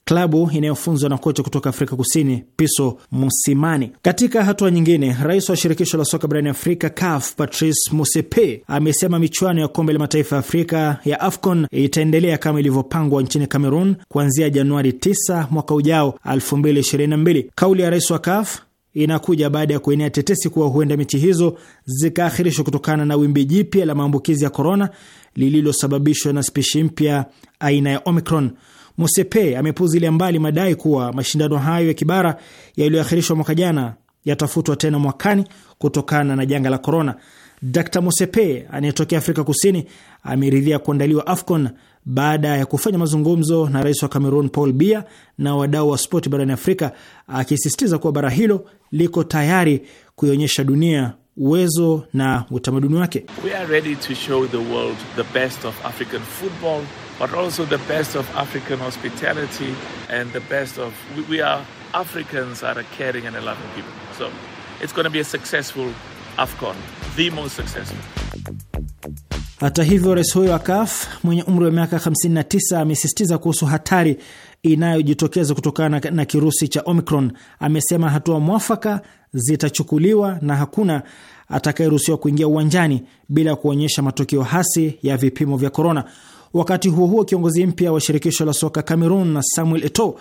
klabu inayofunzwa na kocha kutoka Afrika Kusini Piso Musimani. Katika hatua nyingine, rais wa shirikisho la soka barani Afrika CAF Patrice musepe amesema michuano ya kombe la mataifa ya Afrika ya AFCON itaendelea kama ilivyopangwa nchini Cameroon kuanzia Januari 9 mwaka ujao 2022. Kauli ya rais wa CAF inakuja baada ya kuenea tetesi kuwa huenda mechi hizo zikaahirishwa kutokana na wimbi jipya la maambukizi ya korona lililosababishwa na spishi mpya aina ya Omicron. mosepe amepuzilia mbali madai kuwa mashindano hayo ya kibara yaliyoahirishwa mwaka jana yatafutwa tena mwakani kutokana na janga la korona. Dr mosepe anayetokea Afrika Kusini ameridhia kuandaliwa AFCON baada ya kufanya mazungumzo na rais wa Cameroon Paul Biya na wadau wa spoti barani Afrika, akisisitiza kuwa bara hilo liko tayari kuionyesha dunia uwezo na utamaduni wake. We are ready to show the world the best of African football but also the best of African hospitality and the best of we are Africans are a caring and a loving people. So it's going to be a successful AFCON, the most successful. Hata hivyo, rais huyo wa CAF mwenye umri wa miaka 59 amesisitiza kuhusu hatari inayojitokeza kutokana na kirusi cha Omicron. Amesema hatua mwafaka zitachukuliwa na hakuna atakayeruhusiwa kuingia uwanjani bila kuonyesha matokeo hasi ya vipimo vya korona. Wakati huo huo, kiongozi mpya wa shirikisho la soka Cameroon na Samuel Eto'o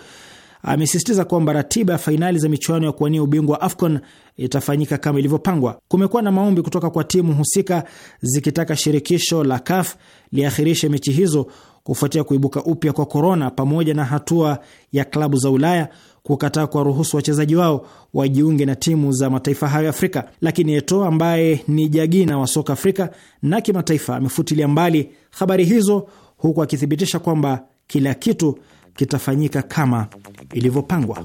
amesisitiza kwamba ratiba ya fainali za michuano ya kuwania ubingwa wa AFCON itafanyika kama ilivyopangwa. Kumekuwa na maombi kutoka kwa timu husika zikitaka shirikisho la CAF liahirishe mechi hizo kufuatia kuibuka upya kwa korona, pamoja na hatua ya klabu za Ulaya kukataa kuwaruhusu wachezaji wao wajiunge na timu za mataifa hayo Afrika. Lakini Eto ambaye ni jagina wa soka Afrika na kimataifa amefutilia mbali habari hizo, huku akithibitisha kwamba kila kitu kitafanyika kama ilivyopangwa.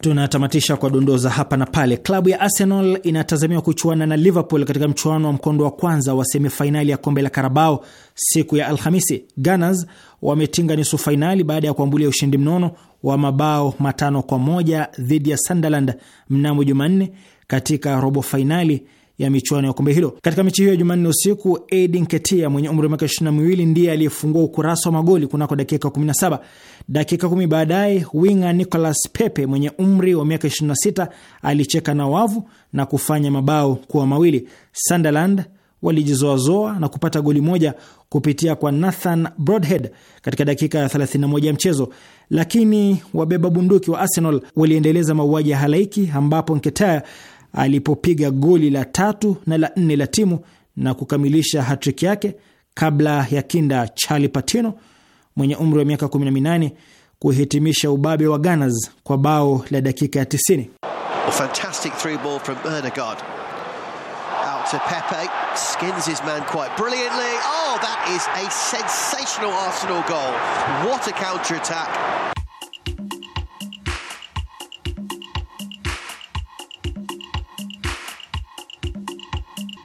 Tunatamatisha kwa dondoza hapa na pale. Klabu ya Arsenal inatazamiwa kuchuana na Liverpool katika mchuano wa mkondo wa kwanza wa semifainali ya kombe la Karabao siku ya Alhamisi. Gunners wametinga nusu fainali baada ya kuambulia ushindi mnono wa mabao matano kwa moja dhidi ya Sunderland mnamo Jumanne katika robo fainali ya michuano ya kombe hilo. Katika mechi hiyo ya Jumanne usiku, Edi Nketia mwenye umri wa miaka 22 ndiye aliyefungua ukurasa wa magoli kunako dakika 17. Dakika kumi baadaye winga Nicolas Pepe mwenye umri wa miaka 26 alicheka na wavu na kufanya mabao kuwa mawili. Sunderland walijizoazoa na kupata goli moja kupitia kwa Nathan Broadhead katika dakika ya 31 ya mchezo, lakini wabeba bunduki wa Arsenal waliendeleza mauaji ya halaiki ambapo Nketiah alipopiga goli la tatu na la nne la timu na kukamilisha hatrik yake kabla ya kinda Charli Patino mwenye umri wa miaka 18 kuhitimisha ubabe wa Gunners kwa bao la dakika ya 90.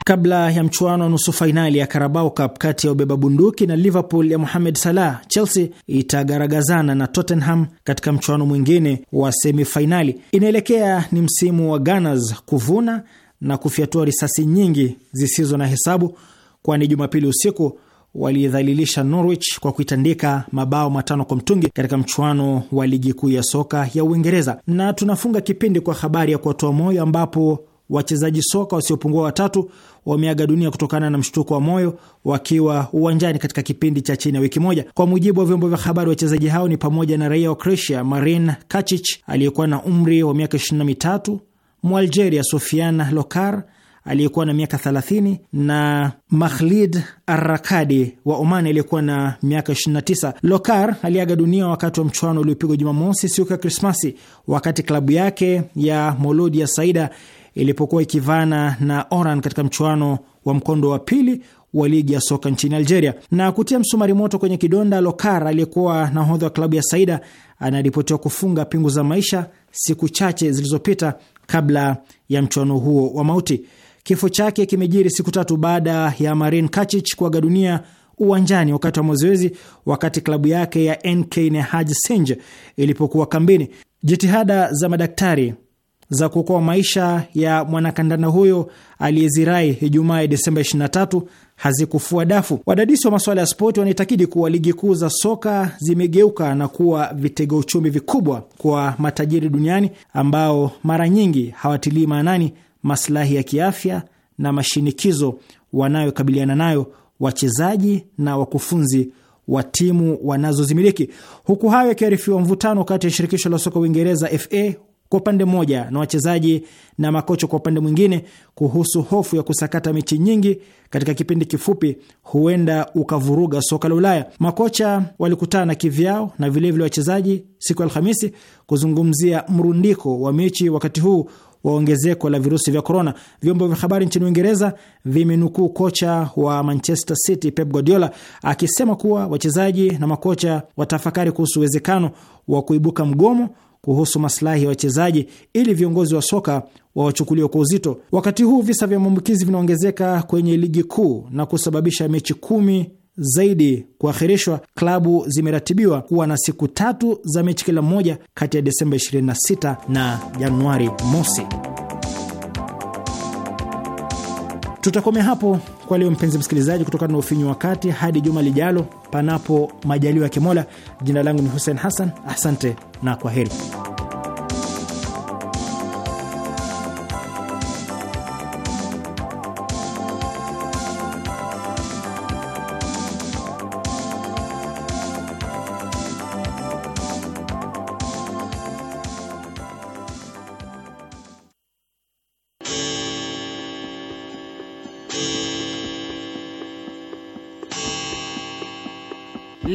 Kabla ya mchuano wa nusu fainali ya Carabao Cup kati ya ubeba bunduki na Liverpool ya Mohamed Salah, Chelsea itagaragazana na Tottenham katika mchuano mwingine wa semifainali. Inaelekea ni msimu wa Gunners kuvuna na kufyatua risasi nyingi zisizo na hesabu, kwani Jumapili usiku waliidhalilisha Norwich kwa kuitandika mabao matano kwa mtungi katika mchuano wa ligi kuu ya soka ya Uingereza. Na tunafunga kipindi kwa habari ya kuwatoa moyo ambapo wachezaji soka wasiopungua watatu wameaga dunia kutokana na mshtuko wa moyo wakiwa uwanjani katika kipindi cha chini ya wiki moja. Kwa mujibu wa vyombo vya habari, wachezaji hao ni pamoja na raia wa Croatia Marin kachich aliyekuwa na umri wa miaka 23, Mwalgeria Sofian Lokar aliyekuwa na miaka 30 na Mahlid Arrakadi wa Oman aliyekuwa na miaka 29. Lokar aliaga dunia wakati wa mchuano uliopigwa Jumamosi siku ya Krismasi, wakati klabu yake ya ya Saida ilipokuwa ikivana na Oran katika mchuano wa mkondo wa pili wa ligi ya soka nchini Algeria na kutia msumari moto kwenye kidonda. Lokar aliyekuwa nahodha wa klabu ya Saida anaripotiwa kufunga pingu za maisha siku chache zilizopita kabla ya mchuano huo wa mauti. Kifo chake kimejiri siku tatu baada ya Marin Kachich kuaga dunia uwanjani wakati wa mazoezi, wakati klabu yake ya NK Nehaj Senje ilipokuwa kambini. Jitihada za madaktari za kuokoa maisha ya mwanakandana huyo aliyezirai Ijumaa ya Desemba 23 hazikufua dafu. Wadadisi wa masuala ya spoti wanaitakidi kuwa ligi kuu za soka zimegeuka na kuwa vitega uchumi vikubwa kwa matajiri duniani ambao mara nyingi hawatilii maanani maslahi ya kiafya na mashinikizo wanayokabiliana nayo wachezaji na wakufunzi wa timu wanazozimiliki, huku hayo yakiarifiwa mvutano kati ya shirikisho la soka Uingereza FA kwa upande mmoja na wachezaji na makocha kwa upande mwingine, kuhusu hofu ya kusakata mechi nyingi katika kipindi kifupi huenda ukavuruga soka la Ulaya. Makocha walikutana kivyao na vilevile wachezaji siku ya Alhamisi kuzungumzia mrundiko wa mechi wakati huu wa ongezeko la virusi vya korona. Vyombo vya habari nchini Uingereza vimenukuu kocha wa Manchester City Pep Guardiola akisema kuwa wachezaji na makocha watafakari kuhusu uwezekano wa kuibuka mgomo kuhusu masilahi ya wachezaji ili viongozi wa soka wawachukuliwe kwa uzito. Wakati huu visa vya maambukizi vinaongezeka kwenye ligi kuu na kusababisha mechi kumi zaidi kuahirishwa. Klabu zimeratibiwa kuwa na siku tatu za mechi kila mmoja kati ya Desemba 26 na Januari mosi. Tutakomea hapo kwa leo, mpenzi msikilizaji, kutokana na ufinyu wakati. Hadi juma lijalo, panapo majaliwa ya Kimola. Jina langu ni Hussein Hassan, asante na kwa heri.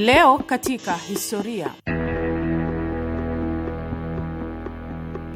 Leo katika historia.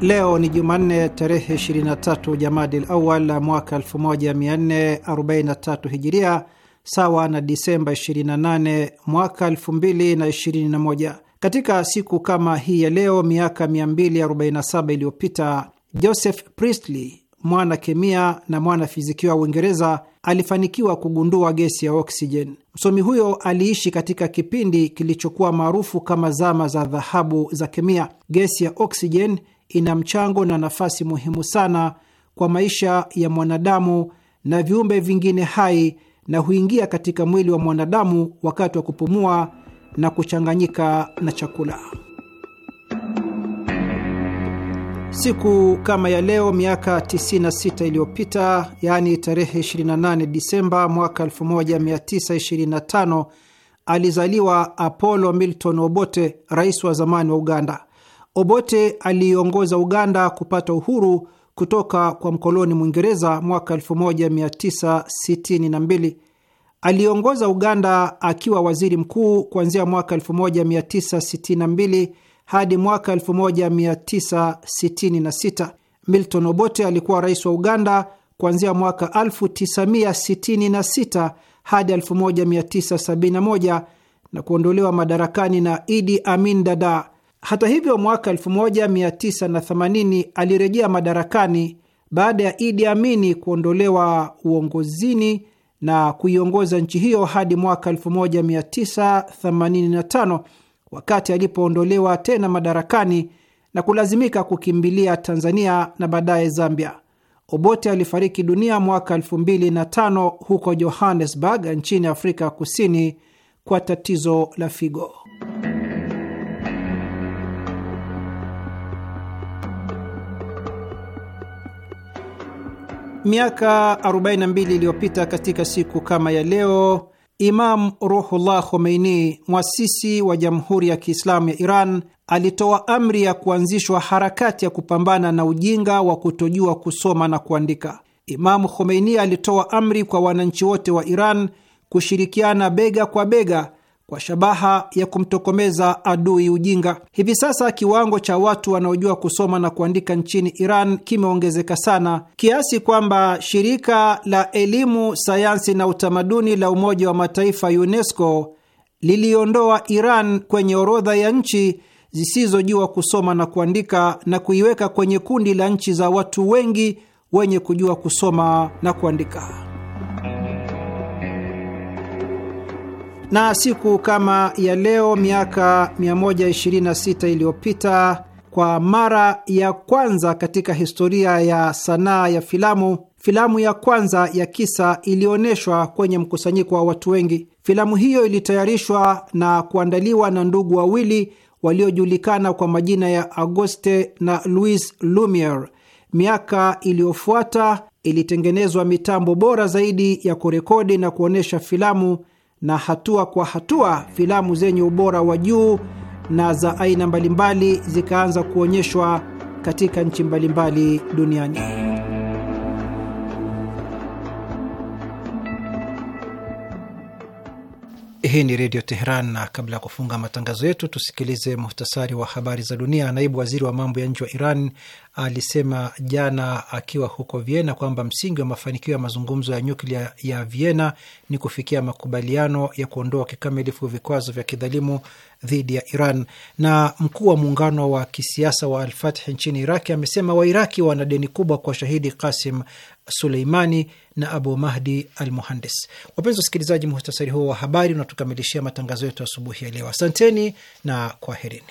Leo ni Jumanne tarehe 23 Jamadil Awal mwaka 1443 Hijiria, sawa na Disemba 28 mwaka 2021. Katika siku kama hii ya leo miaka 247 iliyopita Joseph Priestley mwana kemia na mwana fizikia wa Uingereza alifanikiwa kugundua gesi ya oksijen Msomi huyo aliishi katika kipindi kilichokuwa maarufu kama zama za dhahabu za kemia. Gesi ya oksijen ina mchango na nafasi muhimu sana kwa maisha ya mwanadamu na viumbe vingine hai na huingia katika mwili wa mwanadamu wakati wa kupumua na kuchanganyika na chakula. Siku kama ya leo miaka 96 iliyopita, yaani tarehe 28 Disemba mwaka 1925 alizaliwa Apollo Milton Obote, rais wa zamani wa Uganda. Obote aliiongoza Uganda kupata uhuru kutoka kwa mkoloni Mwingereza mwaka 1962. Aliongoza Uganda akiwa waziri mkuu kuanzia mwaka 1962 hadi mwaka 1966. Milton Obote alikuwa rais wa Uganda kuanzia mwaka 1966 hadi 1971 na kuondolewa madarakani na Idi Amin Dada. Hata hivyo, mwaka 1980 alirejea madarakani baada ya Idi Amini kuondolewa uongozini na kuiongoza nchi hiyo hadi mwaka 1985 wakati alipoondolewa tena madarakani na kulazimika kukimbilia Tanzania na baadaye Zambia. Obote alifariki dunia mwaka 2005 huko Johannesburg nchini Afrika Kusini kwa tatizo la figo. Miaka 42 iliyopita katika siku kama ya leo Imam Ruhullah Khomeini, mwasisi wa Jamhuri ya Kiislamu ya Iran, alitoa amri ya kuanzishwa harakati ya kupambana na ujinga wa kutojua kusoma na kuandika. Imamu Khomeini alitoa amri kwa wananchi wote wa Iran kushirikiana bega kwa bega kwa shabaha ya kumtokomeza adui ujinga. Hivi sasa kiwango cha watu wanaojua kusoma na kuandika nchini Iran kimeongezeka sana kiasi kwamba shirika la elimu, sayansi na utamaduni la Umoja wa Mataifa UNESCO liliondoa Iran kwenye orodha ya nchi zisizojua kusoma na kuandika na kuiweka kwenye kundi la nchi za watu wengi wenye kujua kusoma na kuandika. na siku kama ya leo miaka 126 iliyopita, kwa mara ya kwanza katika historia ya sanaa ya filamu, filamu ya kwanza ya kisa ilionyeshwa kwenye mkusanyiko wa watu wengi. Filamu hiyo ilitayarishwa na kuandaliwa na ndugu wawili waliojulikana kwa majina ya Auguste na Louis Lumiere. Miaka iliyofuata ilitengenezwa mitambo bora zaidi ya kurekodi na kuonyesha filamu na hatua kwa hatua filamu zenye ubora wa juu na za aina mbalimbali zikaanza kuonyeshwa katika nchi mbalimbali duniani. Hii ni Redio Teheran, na kabla ya kufunga matangazo yetu tusikilize muhtasari wa habari za dunia. Naibu waziri wa mambo ya nje wa Iran alisema jana akiwa huko Vienna kwamba msingi wa mafanikio ya mazungumzo ya nyuklia ya Vienna ni kufikia makubaliano ya kuondoa kikamilifu vikwazo vya kidhalimu dhidi ya Iran. Na mkuu wa muungano wa kisiasa wa Alfathi nchini Iraki amesema Wairaki wana deni kubwa kwa shahidi Kasim Suleimani na Abu Mahdi al Muhandis. Wapenzi wasikilizaji, muhtasari huo wa habari unatukamilishia matangazo yetu asubuhi ya leo. Asanteni na kwaherini.